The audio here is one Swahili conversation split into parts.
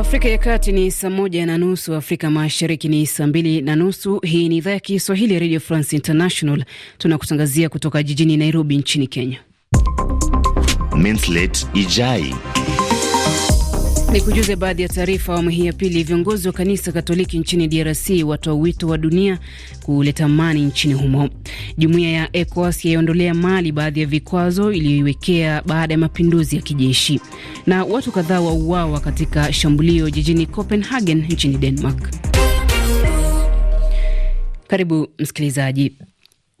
Afrika ya Kati ni saa moja na nusu, Afrika Mashariki ni saa mbili na nusu. Hii ni idhaa ya Kiswahili ya Radio France International, tunakutangazia kutoka jijini Nairobi nchini Kenya. Mintlet Ijai ni kujuze baadhi ya taarifa awamu hii ya pili. Viongozi wa kanisa Katoliki nchini DRC watoa wito wa dunia kuleta amani nchini humo. Jumuiya ya ECOWAS yaiondolea Mali baadhi ya vikwazo iliyoiwekea baada ya mapinduzi ya kijeshi. Na watu kadhaa wauawa katika shambulio jijini Copenhagen nchini Denmark. Karibu msikilizaji.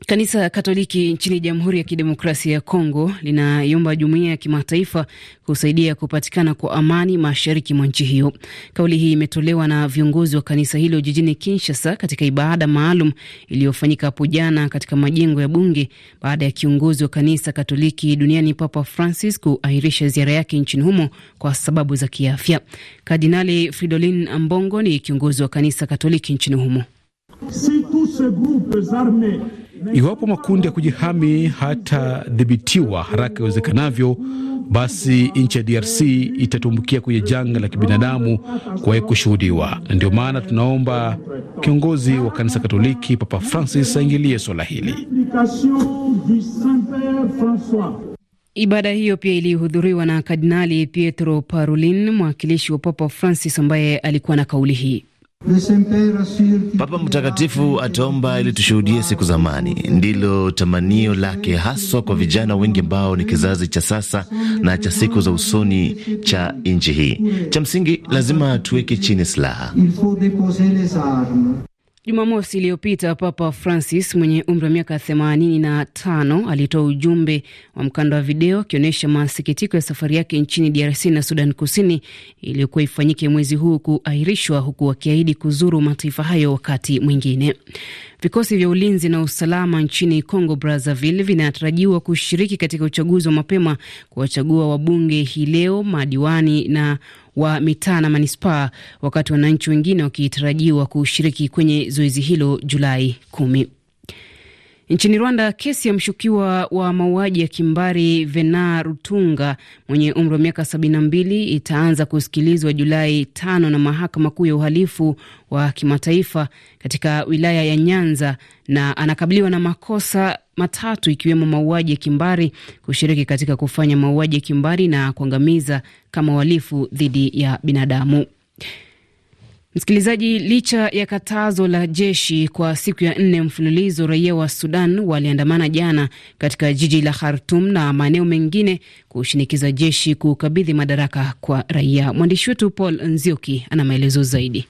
Kanisa Katoliki nchini Jamhuri ya Kidemokrasia ya Kongo linaiomba jumuiya ya kimataifa kusaidia kupatikana kwa amani mashariki mwa nchi hiyo. Kauli hii imetolewa na viongozi wa kanisa hilo jijini Kinshasa katika ibada maalum iliyofanyika hapo jana katika majengo ya bunge baada ya kiongozi wa kanisa Katoliki duniani Papa Francis kuahirisha ziara yake nchini humo kwa sababu za kiafya. Kardinali Fridolin Ambongo ni kiongozi wa kanisa Katoliki nchini humo. Iwapo makundi ya kujihami hatadhibitiwa haraka iwezekanavyo, basi nchi ya DRC itatumbukia kwenye janga la kibinadamu kuwahi kushuhudiwa, na ndio maana tunaomba kiongozi wa kanisa Katoliki Papa Francis aingilie swala hili. Ibada hiyo pia ilihudhuriwa na Kardinali Pietro Parolin, mwakilishi wa Papa Francis, ambaye alikuwa na kauli hii. Papa Mtakatifu ataomba ili tushuhudie siku zamani Ndilo tamanio lake haswa kwa vijana wengi ambao ni kizazi cha sasa na cha siku za usoni cha nchi hii. Cha msingi, lazima tuweke chini silaha. Jumamosi iliyopita Papa Francis mwenye umri wa miaka 85 alitoa ujumbe wa mkanda wa video akionyesha masikitiko ya safari yake nchini DRC na Sudan Kusini iliyokuwa ifanyike mwezi huu kuahirishwa, huku akiahidi kuzuru mataifa hayo wakati mwingine. Vikosi vya ulinzi na usalama nchini Congo Brazzaville vinatarajiwa kushiriki katika uchaguzi wa mapema kuwachagua wabunge hii leo, madiwani na wa mitaa na manispaa, wakati wananchi wengine wakitarajiwa kushiriki kwenye zoezi hilo Julai kumi. Nchini Rwanda, kesi ya mshukiwa wa mauaji ya kimbari vena Rutunga mwenye umri wa miaka 72 itaanza kusikilizwa Julai tano na mahakama kuu ya uhalifu wa kimataifa katika wilaya ya Nyanza na anakabiliwa na makosa matatu ikiwemo mauaji ya kimbari, kushiriki katika kufanya mauaji ya kimbari na kuangamiza kama uhalifu dhidi ya binadamu. Msikilizaji, licha ya katazo la jeshi kwa siku ya nne mfululizo, raia wa Sudan waliandamana jana katika jiji la Khartum na maeneo mengine kushinikiza jeshi kukabidhi madaraka kwa raia. Mwandishi wetu Paul Nzioki ana maelezo zaidi.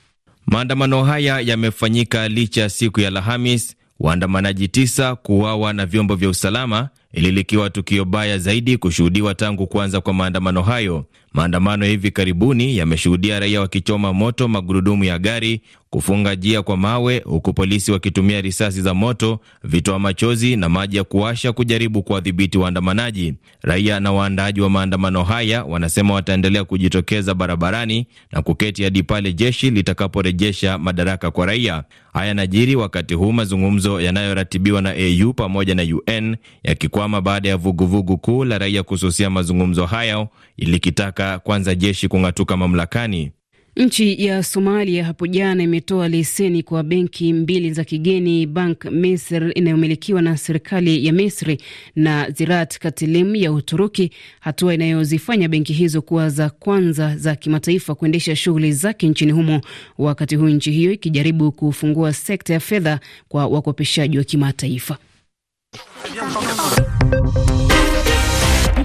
Maandamano haya yamefanyika licha ya siku ya Alhamis waandamanaji tisa kuuawa na vyombo vya usalama, ili likiwa tukio baya zaidi kushuhudiwa tangu kuanza kwa maandamano hayo. Maandamano ya hivi karibuni yameshuhudia raia wakichoma moto magurudumu ya gari, kufunga njia kwa mawe, huku polisi wakitumia risasi za moto, vitoa machozi na maji ya kuwasha kujaribu kuwadhibiti waandamanaji. Raia na waandaaji wa maandamano haya wanasema wataendelea kujitokeza barabarani na kuketi hadi pale jeshi litakaporejesha madaraka kwa raia. Haya najiri wakati huu mazungumzo yanayoratibiwa na AU pamoja na UN yakikwama baada ya vuguvugu kuu la raia kususia mazungumzo hayo ilikitaka kwanza jeshi kung'atuka mamlakani. Nchi ya Somalia hapo jana imetoa leseni kwa benki mbili za kigeni, Bank Misr inayomilikiwa na serikali ya Misri na Ziraat Katilim ya Uturuki, hatua inayozifanya benki hizo kuwa za kwanza za kimataifa kuendesha shughuli zake nchini humo, wakati huu nchi hiyo ikijaribu kufungua sekta ya fedha kwa wakopeshaji wa kimataifa.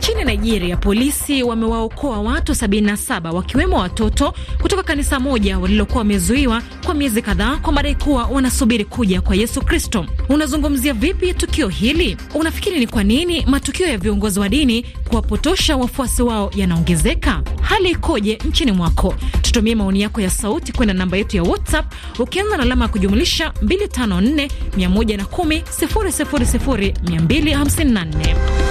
Nchini Nigeria, polisi wamewaokoa watu 77 wakiwemo watoto kutoka kanisa moja walilokuwa wamezuiwa kwa miezi kadhaa kwa madai kuwa wanasubiri kuja kwa Yesu Kristo. Unazungumzia vipi tukio hili? Unafikiri ni kwa nini matukio ya viongozi wa dini kuwapotosha wafuasi wao yanaongezeka? Hali ikoje nchini mwako? Tutumie maoni yako ya sauti kwenda namba yetu ya WhatsApp ukianza na alama ya kujumlisha 254 110 000 254.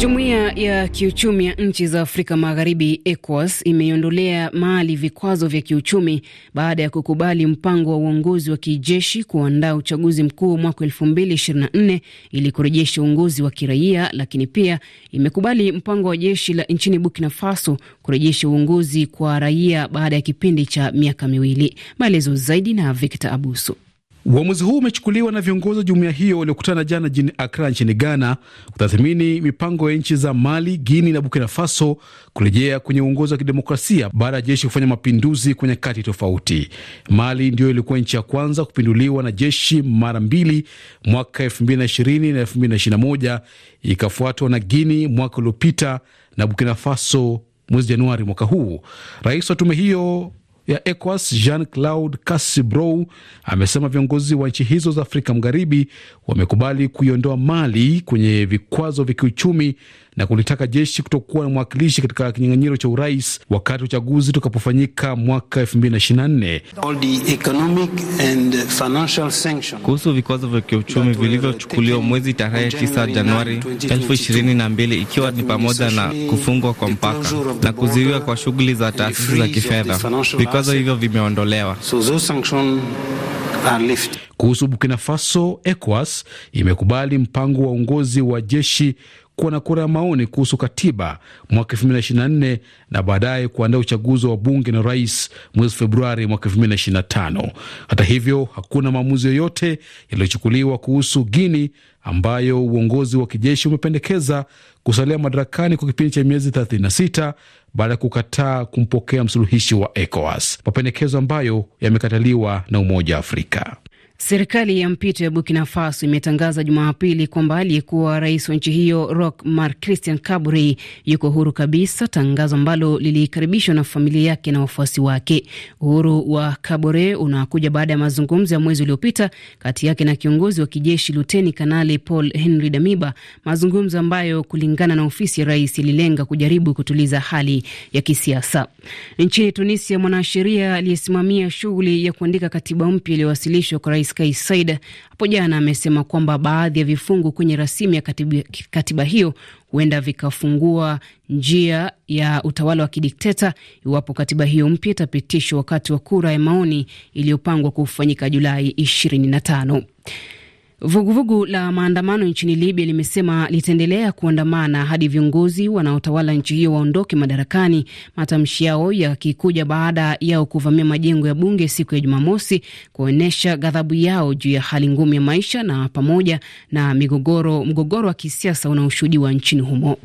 Jumuiya ya kiuchumi ya nchi za Afrika Magharibi, ECOWAS, imeiondolea Mali vikwazo vya kiuchumi baada ya kukubali mpango wa uongozi wa kijeshi kuandaa uchaguzi mkuu mwaka 2024 ili kurejesha uongozi wa kiraia, lakini pia imekubali mpango wa jeshi la nchini Burkina Faso kurejesha uongozi kwa raia baada ya kipindi cha miaka miwili. Maelezo zaidi na Victor Abuso. Uamuzi huu umechukuliwa na viongozi wa jumuiya hiyo waliokutana jana jijini Akra nchini Ghana kutathmini mipango ya nchi za Mali, Guini na Bukina Faso kurejea kwenye uongozi wa kidemokrasia baada ya jeshi kufanya mapinduzi kwenye kati tofauti. Mali ndiyo ilikuwa nchi ya kwanza kupinduliwa na jeshi mara mbili mwaka 2020 na 2021, ikafuatwa na Guini mwaka uliopita na Bukina Faso mwezi Januari mwaka huu. Rais wa tume hiyo ya ECOWAS Jean Claude cassibrou amesema viongozi wa nchi hizo za Afrika Magharibi wamekubali kuiondoa Mali kwenye vikwazo vya kiuchumi na kulitaka jeshi kutokuwa na mwakilishi katika kinyang'anyiro cha urais wakati uchaguzi tukapofanyika mwaka 2024. Kuhusu vikwazo vya kiuchumi vilivyochukuliwa mwezi tarehe 9 Januari 2022 ikiwa ni pamoja na kufungwa kwa mpaka na kuzuiwa kwa shughuli za taasisi za kifedha, vikwazo hivyo vimeondolewa. Kuhusu Burkina Faso, ECOWAS imekubali mpango wa uongozi wa jeshi kuwa na kura ya maoni kuhusu katiba mwaka 2024 na baadaye kuandaa uchaguzi wa bunge na rais mwezi Februari mwaka tano. Hata hivyo, hakuna maamuzi yoyote yaliyochukuliwa kuhusu Guini ambayo uongozi wa kijeshi umependekeza kusalia madarakani kwa kipindi cha miezi 36 baada ya kukataa kumpokea msuluhishi wa ECOWAS, mapendekezo ambayo yamekataliwa na Umoja wa Afrika. Serikali ya mpito ya Burkina Faso imetangaza Jumapili kwamba aliyekuwa rais wa nchi hiyo Roch Marc Christian Kabore yuko huru kabisa, tangazo ambalo lilikaribishwa na familia yake na wafuasi wake. Uhuru wa Kabore unakuja baada ya mazungumzo ya mwezi uliopita kati yake na kiongozi wa kijeshi Luteni Kanali Paul Henry Damiba, mazungumzo ambayo kulingana na ofisi ya rais ililenga kujaribu kutuliza hali ya kisiasa nchini. Tunisia, mwanasheria aliyesimamia shughuli ya kuandika katiba mpya iliyowasilishwa kwa rais Aziz Said hapo jana amesema kwamba baadhi ya vifungu kwenye rasimu ya katiba, katiba hiyo huenda vikafungua njia ya utawala wa kidikteta iwapo katiba hiyo mpya itapitishwa wakati wa kura ya maoni iliyopangwa kufanyika Julai 25. Vuguvugu la maandamano nchini Libya limesema litaendelea kuandamana hadi viongozi wanaotawala nchi hiyo waondoke madarakani, matamshi yao yakikuja baada yao kuvamia majengo ya bunge siku ya Jumamosi kuonyesha ghadhabu yao juu ya hali ngumu ya maisha na pamoja na migogoro, mgogoro wa kisiasa unaoshuhudiwa nchini humo.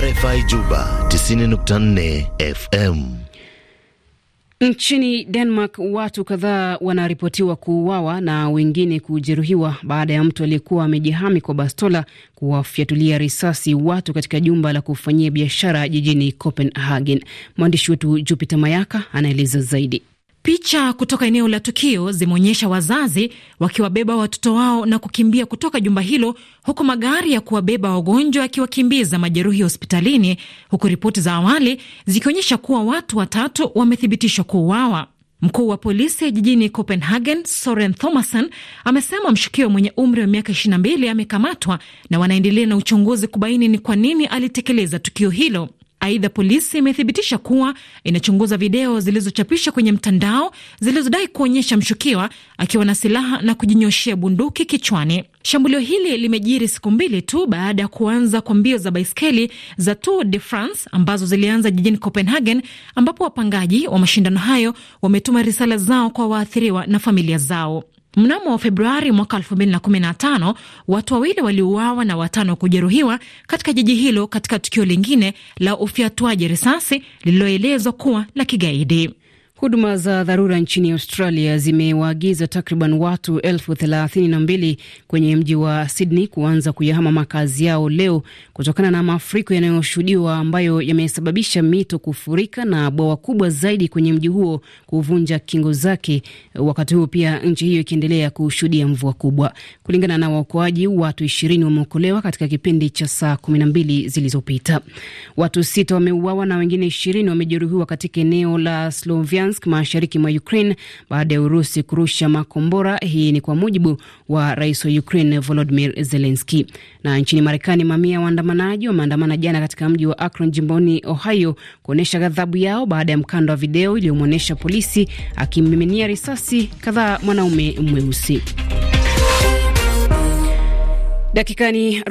RFI Juba 90.4 FM. Nchini Denmark watu kadhaa wanaripotiwa kuuawa na wengine kujeruhiwa baada ya mtu aliyekuwa amejihami kwa bastola kuwafyatulia risasi watu katika jumba la kufanyia biashara jijini Copenhagen. Mwandishi wetu Jupiter Mayaka anaeleza zaidi. Picha kutoka eneo la tukio zimeonyesha wazazi wakiwabeba watoto wao na kukimbia kutoka jumba hilo, huku magari ya kuwabeba wagonjwa yakiwakimbiza majeruhi hospitalini, huku ripoti za awali zikionyesha kuwa watu watatu wamethibitishwa kuuawa. Mkuu wa polisi jijini Copenhagen, Soren Thomason, amesema mshukiwa mwenye umri wa miaka 22 amekamatwa na wanaendelea na uchunguzi kubaini ni kwa nini alitekeleza tukio hilo. Aidha, polisi imethibitisha kuwa inachunguza video zilizochapishwa kwenye mtandao zilizodai kuonyesha mshukiwa akiwa na silaha na kujinyoshea bunduki kichwani. Shambulio hili limejiri siku mbili tu baada ya kuanza kwa mbio za baiskeli za Tour de France ambazo zilianza jijini Copenhagen, ambapo wapangaji wa mashindano hayo wametuma risala zao kwa waathiriwa na familia zao. Mnamo Februari mwaka 2015 watu wawili waliuawa na watano kujeruhiwa katika jiji hilo katika tukio lingine la ufyatuaji risasi lililoelezwa kuwa la kigaidi. Huduma za dharura nchini Australia zimewaagiza takriban watu elfu thelathini na mbili kwenye mji wa Sydney kuanza kuyahama makazi yao leo kutokana na mafuriko yanayoshuhudiwa ambayo yamesababisha mito kufurika na bwawa kubwa zaidi kwenye mji huo kuvunja kingo zake, wakati huo pia nchi hiyo ikiendelea kushuhudia mvua kubwa. Kulingana na waokoaji, watu ishirini wameokolewa katika kipindi cha saa kumi na mbili zilizopita. Watu sita wameuawa na wengine ishirini wamejeruhiwa katika eneo la Slovian Lugansk mashariki mwa Ukraine baada ya Urusi kurusha makombora. Hii ni kwa mujibu wa rais wa Ukraine volodimir zelenski Na nchini Marekani, mamia ya waandamanaji wameandamana jana katika mji wa Akron jimboni Ohio kuonyesha ghadhabu yao baada ya mkanda wa video iliyomwonyesha polisi akimiminia risasi kadhaa mwanaume mweusi ni